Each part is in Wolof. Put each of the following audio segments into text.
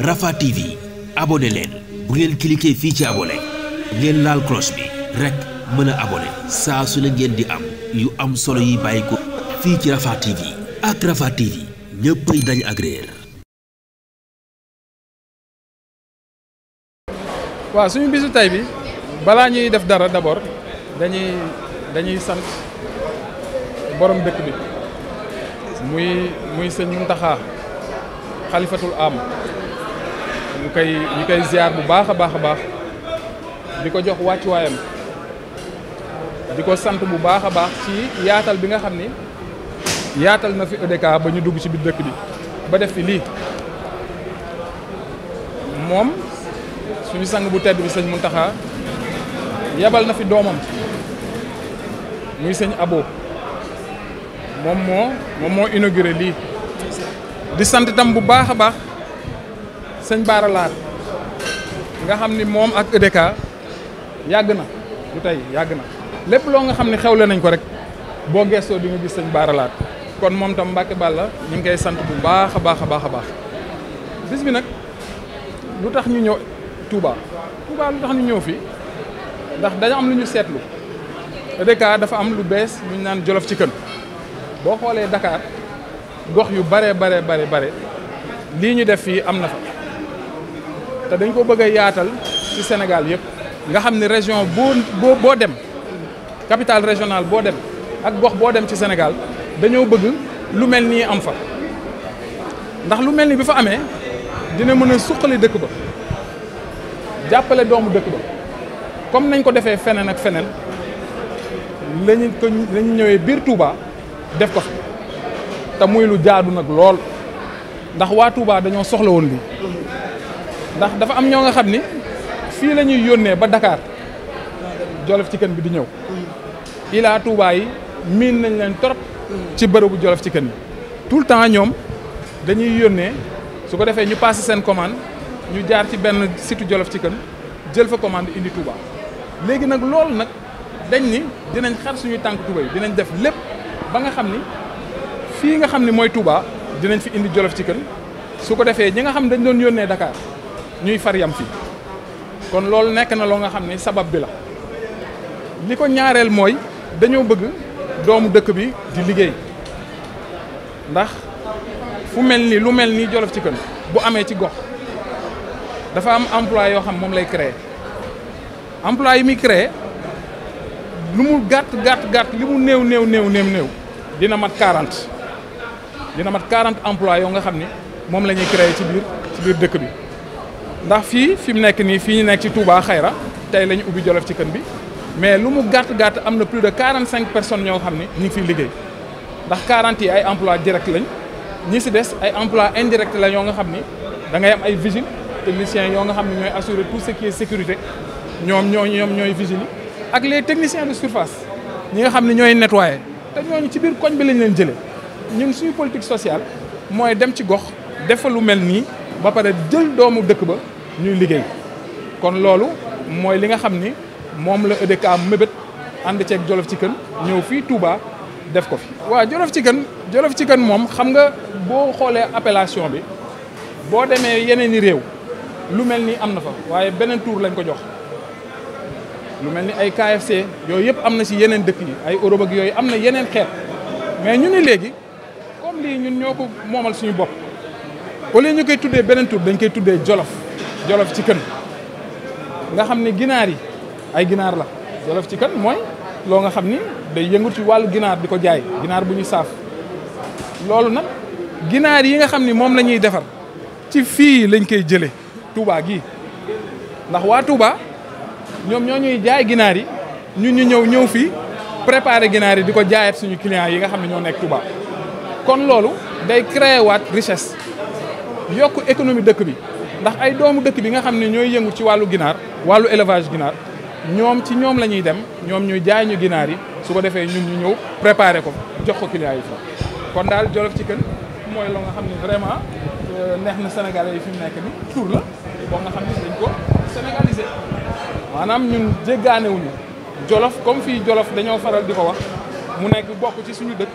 Rafah TV abonné leen bu fii ci abonné ngeen laal cloche bi saa su ne ngeen am yu am solo yi bàyyi fii ci Rafah TV ak Rafah TV ñëppay dañ suñu bisu tey bi balaa ñuy def dara d'abord dañuy dañuy sant borom dëkk bi muy muy sëñ Muntaxa xalifatul am ñu koy ñu koy ziar bu baax a baax a baax li ko jox wàccuwaayam di ko sant bu baax a baax ci yaatal bi nga xam ni yaatal na fi EDK ba ñu dugg ci biir dëkk bi ba def fi lii moom suñu sang bu tedd bi sëñ Muntaxa yabal na fi doomam muy sëñ Abo moom moo moom moo inauguré lii di sant tam bu baax a baax sëñ Baara Laat nga xam ni moom ak EDK yàgg na du tey yàgg na lépp loo nga xam ne xewle nañ ko rek boo gestoo di nga gis sëñ Baara Laat kon moom tam Mbàkke Balla ñu ngi koy sant bu baax a baax a baax a baax bis bi nag lu tax ñu ñëw Touba Touba lu tax ñu ñëw fii ndax dañu am lu ñu seetlu EDK dafa am lu bees lu ñu naan Jolof ci kën boo xoolee Dakar gox yu bare bare bare bare lii ñu def fii am na fa te dañ ko bëgg yaatal ci Sénégal yëpp nga xam ne région boo boo boo dem capitale régionale boo dem ak gox boo dem ci Sénégal dañoo bëgg lu mel nii am fa ndax lu mel ni bi fa amee dina mën a suqali dëkk ba jàppale doomu dëkk ba comme nañ ko defee feneen ak feneen lañu ko lañu ñëwee biir Touba def ko fi te muy lu jaadu nag lool ndax waa tuubaa dañoo soxla woon lii ndax dafa am ñoo nga xam ni fii lañuy yónnee ba dakaar Jolof ci kën bi di ñëw ilaa Touba yi miin nañ leen trop ci bërëbu Jolof Chicken bi tout le temps ñoom dañuy yónnee su ko defee ñu passé seen commande ñu jaar ci benn site Jolof ci Chicken jël fa commande indi Touba léegi nag loolu nag dañ ni dinañ xar suñuy tànk Touba yi dinañ def lépp ba nga xam ni fii nga xam ni mooy Touba dinañ fi indi Jolof ci Chicken su ko defee ñi nga xam dañ doon yónnee dakaar ñuy far fi kon loolu nekk na loo nga xam ni sabab bi la li ko ñaareel mooy dañoo bëgg doomu dëkk bi di liggéey ndax fu mel ni lu mel ni Jolof ci kën bu amee ci gox dafa am emploi yoo xam moom lay créer emploi yi muy créer lu mu gàtt gàtt gàtt li mu néew néew néew néew néew dina mat 40 dina mat 40 emploi yoo nga xam ni moom la ñuy créer ci biir ci biir dëkk bi ndax fii fi mu nekk nii fii ñu nekk ci Touba Xayra tey la ñu ubbi Jolof ci kën bi mais lu mu gàtt gàtt am na plus de quarante cinq personnes ñoo xam ne ñu fi fiy liggéey ndax quarante yi ay emploi direct lañ ñi si des ay emploi indirect la yoo nga xam ni da am ay vigile techniciens yoo nga xam ne ñooy assurer tout ce qui sécurité ñoom ñoo ñoom ñooy vigile ak les techniciens de surface ñi nga xam ne ñooy nettoyer te ñooñu ci biir koñ bi lañ leen jëlee ñun suñu politique sociale mooy dem ci gox defa lu mel nii ba pare jël doomu dëkk ba ñuy liggéey kon loolu mooy li nga xam ni moom la EDK mébét ànd ceeg Jolof ci Chicken ñëw fii Touba def ko fi. waaw Jolof Chicken Jolof Chicken moom xam nga boo xoolee appellation bi boo demee yeneen i réew lu mel ni am na fa waaye beneen tour lañ ko jox lu mel ni ay KFC yooyu yëpp am na si yeneen dëkk yi ay Europe ak yooyu am na yeneen xeet mais ñu ne léegi comme lii ñun ñoo ko moomal suñu bopp au lieu ñu koy tuddee beneen tour dañ koy tuddee Jolof. jolof ci kën nga xam ne ginaar yi ay ginaar la jolof ci kën mooy loo nga xam ni day yëngu ci wàllu ginaar di ko jaay ginaar bu ñu saaf loolu nag ginaar yi nga xam ni moom la ñuy defar ci fii lañ koy jële Touba gi ndax waa Touba ñoom ñoo ñuy jaay ginaar yi ñun ñu ñëw ñëw fii préparer ginaar yi di ko jaayat suñu clients yi nga xam ne ñoo nekk Touba kon loolu day créer waat richesse yokk économie dëkk bi ndax ay doomu dëkk bi nga xam ne ñooy yëngu ci wàllu ginaar wàllu élevage ginaar ñoom ci ñoom la ñuy dem ñoom ñuy jaay ñu ginaar yi su ko defee ñun ñu ñëw préparé ko jox ko client yi fa kon daal Jolof ci kën mooy la nga xam ne vraiment euh, neex na sénégalais yi fi mu nekk ni tur la boo nga xam ne dañ ko sénégaliser maanaam ñun jéggaanewuñu jolof comme fii jolof dañoo faral di ko wax mu nekk bokk ci suñu dëkk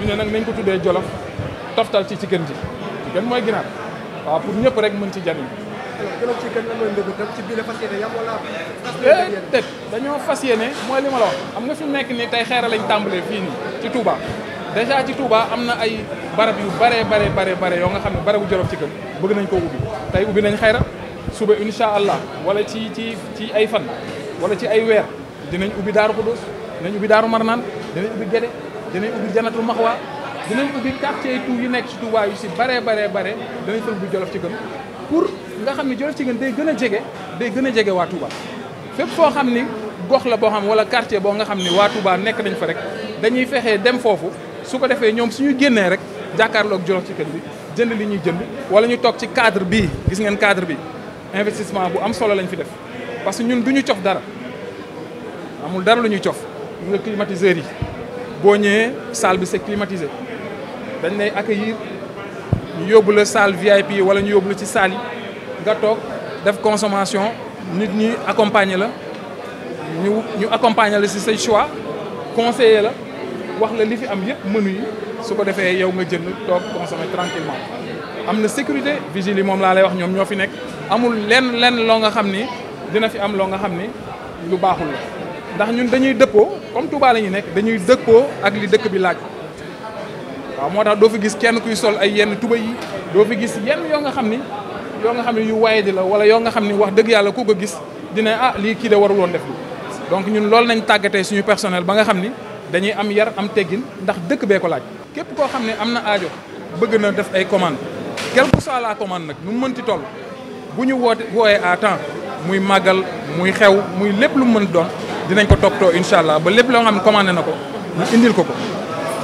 ñu ne nag nañ ko tuddee jolof toftal ci chicken ji chicken mooy ginaar waaw pour ñëpp rek mën ci jariñ déedéet eh, dañoo fas yéene mooy li ma la wax xam nga fi mu nekk nii tey xeera lañ tàmbalee fii nii ci Touba déjà ci Touba am na ay barab yu bare bare bare bare yoo nga xam ne barabu Jolof ci kër bëgg nañ koo ubbi tey ubbi nañ xayra suba insha allah wala ci ci ci ay fan wala ci ay weer dinañ ubbi Daaru Xudus dinañ ubbi Daaru Marnaan dinañ ubbi Gédé dinañ ubbi Janatul Maxwa dinañ ubbi quartier yi tout yu nekk ci Touba yu si baree baree bare danañ fa bu Jolof ci gën pour nga xam ne Jolof ci gën day gën a jege day gën a jege waa Touba fépp foo xam ni gox la boo xam wala quartier boo nga xam ni waa Touba nekk nañ fa rek dañuy fexee dem foofu su ko defee ñoom suñu génnee rek jàkkaarloog Jolof ci gën bi jënd li ñuy jënd wala ñu toog ci cadre bi gis ngeen cadre bi investissement bu am solo lañ fi def parce que ñun du ñu cof dara amul dara lu ñuy cof nga climatiseurs yi boo ñëwee salle bi c'est climatisé dañ lay accueillir ñu yóbbu la salle VIP wala ñu yóbbu la ci salle yi nga toog def consommation nit ñi accompagner la ñu ñu accompagner la si say choix conseiller la wax la li fi am yëpp menu yi su ko defee yow nga jënd toog consommer tranquillement am na sécurité vigile yi moom laa lay wax ñoom ñoo fi nekk amul lenn lenn loo nga xam ni dina fi am loo nga xam ni lu baaxul la ndax ñun dañuy dëppoo comme Touba la ñu nekk dañuy dëppoo ak li dëkk bi laaj waaw moo tax doo fi gis kenn kuy sol ay yenn tuba yi doo fi gis yenn yoo nga xam ni yoo nga xam ni yu waaye di la wala yoo nga xam ni wax dëgg yàlla ku ko gis dina ah lii kii de warul def def donc ñun loolu nañ tàggatee suñu personnel ba nga xam ni dañuy am yar am teggin ndax dëkk bee ko laaj képp koo xam ne am na aajo bëgg na def ay commande quelle que soit la nag nu mu mënti toll bu ñu woote wooyee à temps muy màggal muy xew muy lépp lu mu mën doon dinañ ko toppatoo incha allah ba lépp loo xam ne commandé na ko indil ko ko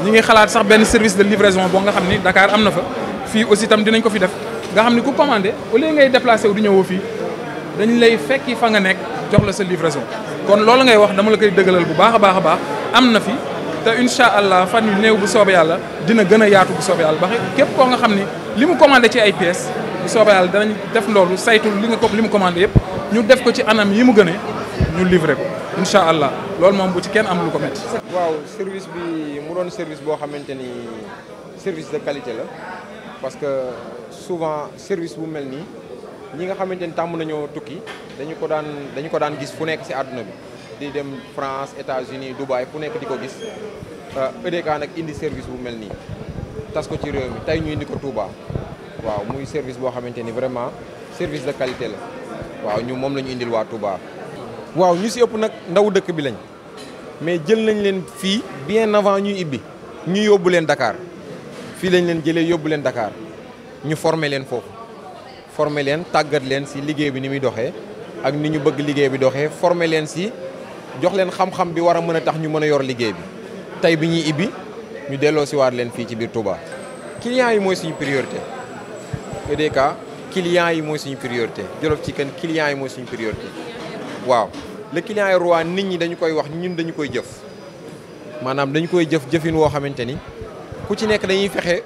ñi ngi xalaat sax benn service de livraison boo nga xam ni Dakar am na fa fii aussi tam dinañ ko fi def nga xam ni ku commandé au ngay déplacé wu du ñëwoo fii dañ lay fekki fa nga nekk jox la sa livraison kon loolu ngay wax dama la koy dëggalal bu baax a baax baax am na fi te incha allah fan yu néew bu soobee yàlla dina gën a yaatu bu soobee yàlla ba képp koo nga xam ni li mu commandé ci ay pièces bu soobee yàlla danañ def loolu saytu li nga ko li mu commandé yëpp ñu def ko ci anam yi mu gënee ñu livré ko incha allah loolu moom bu ci kenn am lu ko métti. waaw service bi mu doon service boo xamante ni service de qualité la parce que souvent service bu mel nii ñi nga xamante ni tàmm nañoo tukki dañu ko daan dañu ko daan gis fu nekk ci àdduna bi di dem France États-Unis Dubaï fu nekk di ko gis EDK euh, e nag indi service bu mel nii tas ko ci réew mi tey ñu indi ko Touba waaw muy service boo xamante ni vraiment service de qualité la waaw ñu moom la ñu indil waa Touba. waaw ñu si ëpp nag ndaw dëkk bi lañ mais jël nañ leen fii bien avant ñuy ibbi ñu yóbbu leen Dakar fii lañ leen jëlee yóbbu leen Dakar ñu former leen foofu former leen tàggat leen si liggéey bi ni muy doxee ak ni ñu bëgg liggéey bi doxee former leen si jox leen xam-xam bi war a mën a tax ñu mën a yor liggéey bi tey bi ñuy ibbi ñu delloo si waat leen fii ci biir Touba. clients yi mooy suñu priorité EDK clients yi mooy suñu priorité Jolof Chicken clients yi mooy suñu priorité. waaw le client est roi nit ñi dañu koy wax ñun dañu koy jëf maanaam dañu koy jëf jëfin woo xamante ni ku ci nekk dañuy fexe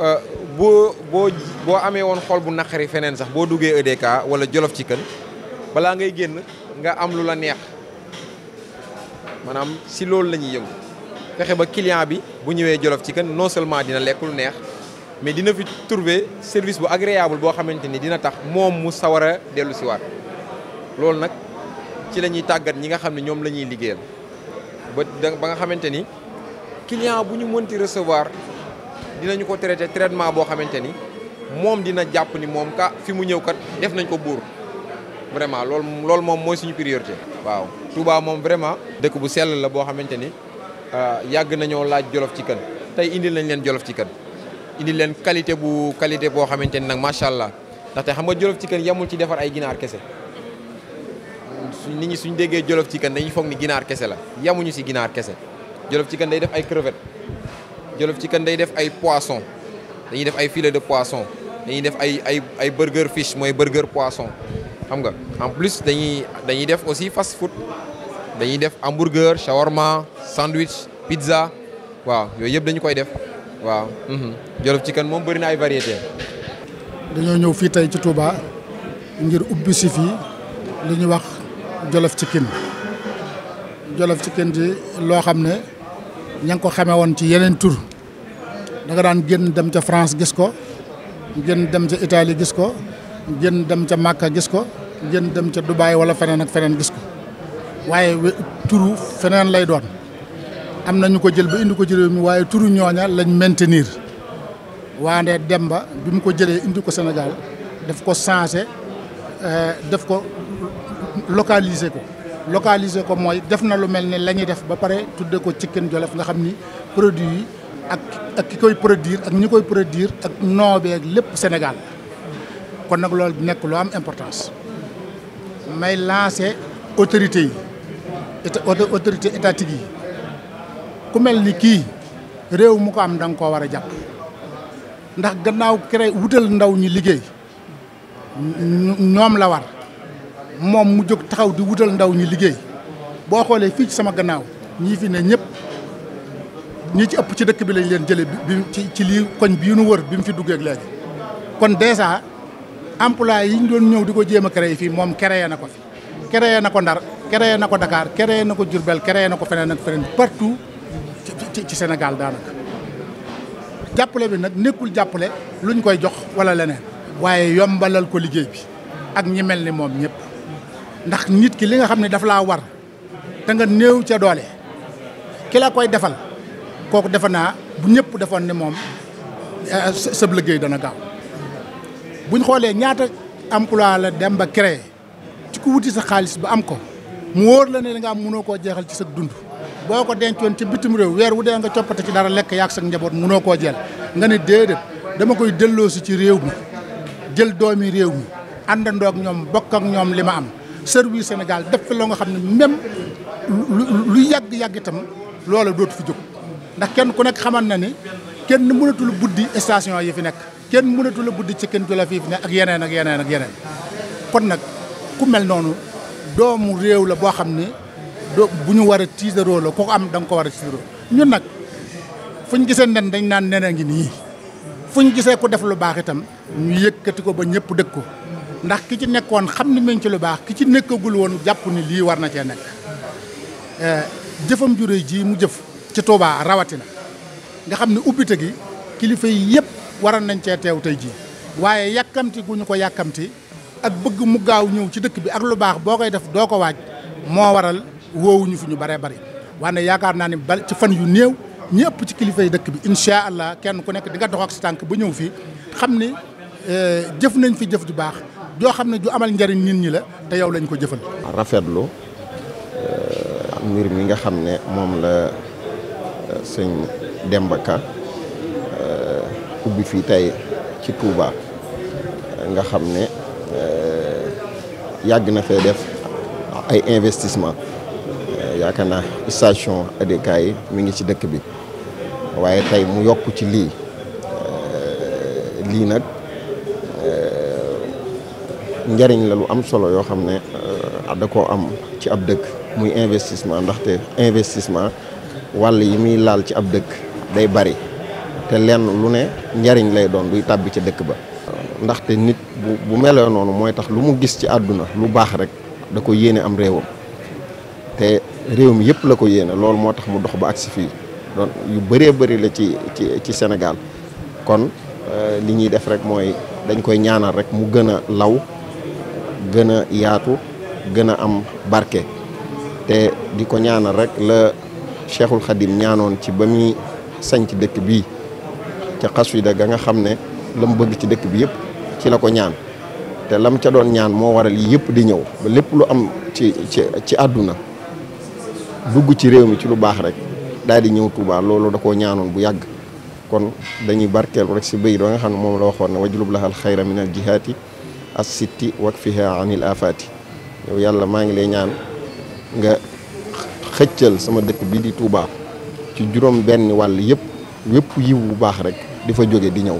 euh, boo boo boo amee woon xool bu naqari feneen sax boo duggee EDK wala Jolof ci kën balaa ngay génn nga am lu la neex maanaam si loolu la ñuy yëngu fexe ba client bi bu ñëwee Jolof ci Chicken non seulement dina lekk neex mais dina fi trouver service bu agréable boo xamante ni dina tax moom mu sawar a dellu si loolu nag. ci la ñuy tàggat ñi nga xam ne ñoom la ñuy liggéeyal ba ba nga xamante ni client bu ñu mënti recevoir dinañu ko traité traitement boo xamante ni moom dina jàpp ni moom ka fi mu ñëw kat def nañ ko buur vraiment loolu loolu moom mooy suñu priorité. waaw Touba moom vraiment. dëkk bu sell la boo xamante ni euh, yàgg nañoo laaj jolof ci kan tey indi nañ leen jolof ci kan indi leen qualité bu qualité boo xamante ni nag macha allah ndaxte xam nga jolof ci kan yemul ci defar ay ginaar kese. suñ nit ñi suñu déggee jolof chicken dañuy foog ni ginaar kese la yamuñu si ginaar kese jolof kan day def ay crevette jolof chicken day def ay poisson dañuy def ay filet de poisson dañuy def ay ay ay burger fish mooy burger poisson xam nga en plus dañuy dañuy def aussi fast food dañuy def hamburger shawarma sandwich pizza waaw yooyu yëpp dañu koy def waaw. Mhm. jolof kan moom bëri na ay variété dañoo ñëw fii tey ci Touba ngir ubbi si fii li ñu wax Jolof ci kin Jolof ci ci loo xam ne ña ngi ko xamee woon ci yeneen tur danga daan génn dem ca France gis ko génn dem ca Italie gis ko génn dem ca Màkka gis ko génn dem ca Dubaay wala feneen ak feneen gis ko waaye turu feneen lay doon am na ñu ko jël ba indi ko jëlee mi waaye turu ñooña lañ maintenir waande Demba bi mu ko jëlee indi ko Sénégal def ko changé euh, def ko localiser ko localiser ko mooy def na lu mel ni la ñuy def ba pare tudde ko Chicken Jolof nga xam ni produit yi ak ak ki koy produire ak ñi koy produire ak noobeeg lépp Sénégal kon nag loolu nekk lu am importance may lancer autorité yi autorité étatique yi ku mel ni kii réew mu ko am da nga koo war a jàpp ndax gannaaw créé wutal ndaw ñi liggéey ñoom la war moom mu jóg taxaw di wutal ndaw ñi liggéey boo xoolee fii ci sama gannaaw ñii fi ne ñëpp ñii ci ëpp ci dëkk bi lañ leen jëlee bi ci ci lii koñ bii nu wër bi mu fi duggee léegi. kon dèjà emploi yi ñu doon ñëw di ko jéem a créé fii moom créé na ko fi créé na ko Ndar créé na ko Dakar créé na ko Diourbel créé na ko feneen nag feneen partout ci ci Sénégal daanaka. jàppale bi nag nekkul lu luñ koy jox wala leneen waaye yombalal ko liggéey bi ak ñi mel ni moom ñëpp. ndax nit ki li nga xam ne daf laa war te nga néew ca doole kila koy defal kooku defe naa bu ñëpp defoon ne moom euh, sëb liggéey dana gaaw buñ xoolee ñaata laa la dem ba créé ci ku wuti sa xaalis ba am ko mu wóor la ne da nga am mënoo koo jeexal ci sa dund boo ko dencoon ci bitim réew weer wu dee nga coppate ci dara lekk yaag sa njaboot mënoo koo jël nga ne déedéet dama koy delloosi ci réew mi jël doomi réew mi àndandoo ñoom bokk ak ñoom li ma am service Sénégal def fi loo nga xam ne même lu yàgg-yàgg itam loola dootu fi jóg ndax kenn ku nekk xaman na ni kenn mënatul buddi station yi fi nekk kenn mënatul buddi ci kenn jula fii fi ne ak yeneen ak yeneen ak yeneen kon nag ku mel noonu doomu réew la boo xam ne do bu ñu war a tiitaroo la ku ko am da nga ko war a tiitaroo ñun nag fu ñu gisee nen dañ naan nen a ngi nii fu ñu gisee ku def lu baax itam ñu yëkkati ko ba ñëpp dëkk ko ndax ki ci nekkoon xam ni meñ ci lu baax ki ci nekkagul woon jàpp ni lii war na cee nekk eh, jëfam jure jii mu jëf ci Touba rawatina nga xam ne ubbite gi kilifa yi yëpp waroon nañ cee teew tey jii waaye yàkkamti gu ñu ko yàkkamti ak bëgg mu gaaw ñëw ci dëkk bi ak lu baax boo koy def doo ko waaj moo waral woowuñu fi ñu baree bari wane yaakaar naa ni ba ci fan yu néew ñëpp ci kilifa yi dëkk bi incha allah kenn ku nekk di nga dox ak sa tànk ba ñëw fii xam ni eh, jëf nañ fi jëf ju baax joo xam ne ju amal njariñ nit ñi la te yow lañ ko jëfal. rafetlu euh, mbir mi nga xam ne moom la euh, sëñ Demba Ka euh, ubbi fii tey ci Touba nga xam ne yàgg na fee def ay investissement yaakaar naa station ADK mu ngi ci dëkk bi waaye tey mu yokk ci lii lii nag. njariñ la lu am solo yoo xam ne euh, da koo am ci ab dëkk muy investissement ndaxte investissement wàll yi muy laal ci ab dëkk day bari te lenn lu ne njariñ lay doon duy tàbbi ca dëkk ba ndaxte nit bu bu melee noonu mooy tax lu mu gis ci àdduna lu baax rek da ko yéene am réewam te réew mi yëpp la ko yéene loolu moo tax mu dox ba agsi fii doon yu bëree bari la ci ci ci Sénégal kon euh, li ñuy def rek mooy dañ koy ñaanal rek mu gën a law gën a yaatu gën a am barke te di ko ñaanal rek la cheikhul xadim ñaanoon ci ba muy sañ ci dëkk bii ca xasida ga nga xam ne la mu bëgg ci dëkk bi yëpp ci la ko ñaan te lam ca doon ñaan moo waral yi yëpp di ñëw ba lépp lu am ci ci ci àdduna dugg ci réew mi ci lu baax rek daal di ñëw Tuubaa loolu da koo ñaanoon bu yàgg kon dañuy barkeelu rek si béy doo nga xam ne moom la waxoon ne wajulub lahal xayra minal jihaati as-sitti wakfiha nil afaati yow yàlla maa ngi lay ñaan nga xëccal sama dëkk bi di tuubaa ci juróom benn wàll yëpp yépp yiw bu baax rek di fa jóge di ñëw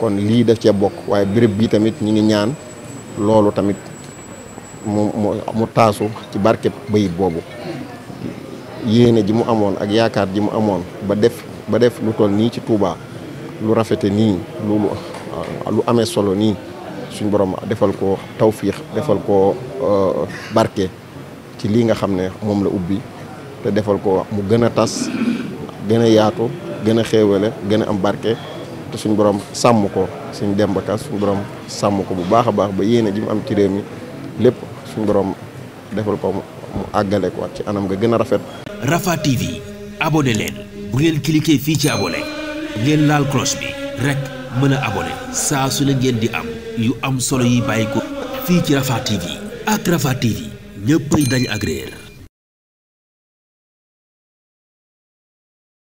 kon lii def cee bokk waaye béréb bi tamit ñu ngi ñaan loolu tamit mu mu taasu ci barkeb bayit boobu yéene ji mu amoon ak yaakaar ji mu amoon ba def ba def lu toll nii ci Touba lu rafete nii lu lu amee solo nii suñ borom defal ko tawfiix defal ko euh, barke ci lii nga xam ne moom la ubbi te defal ko mu gën a tas gën a yaatu gën a xéewale gën a am barke te suñ borom sàmm ko suñ dembaka Ka suñu borom sàmm ko bu baax a baax ba yéene ji mu am ci réew mi lépp suñ borom defal ko mu àggale ko ci anam nga gën a rafet. Rafah TV abonné leen bu ngeen cliquer fii ci abonné ngeen laal cloche bi rek mën a abonné saa su ne ngeen di am. yu am solo yi bàyyi ko fii ci Rafah TV ak Rafah TV ñëppay dañ agréer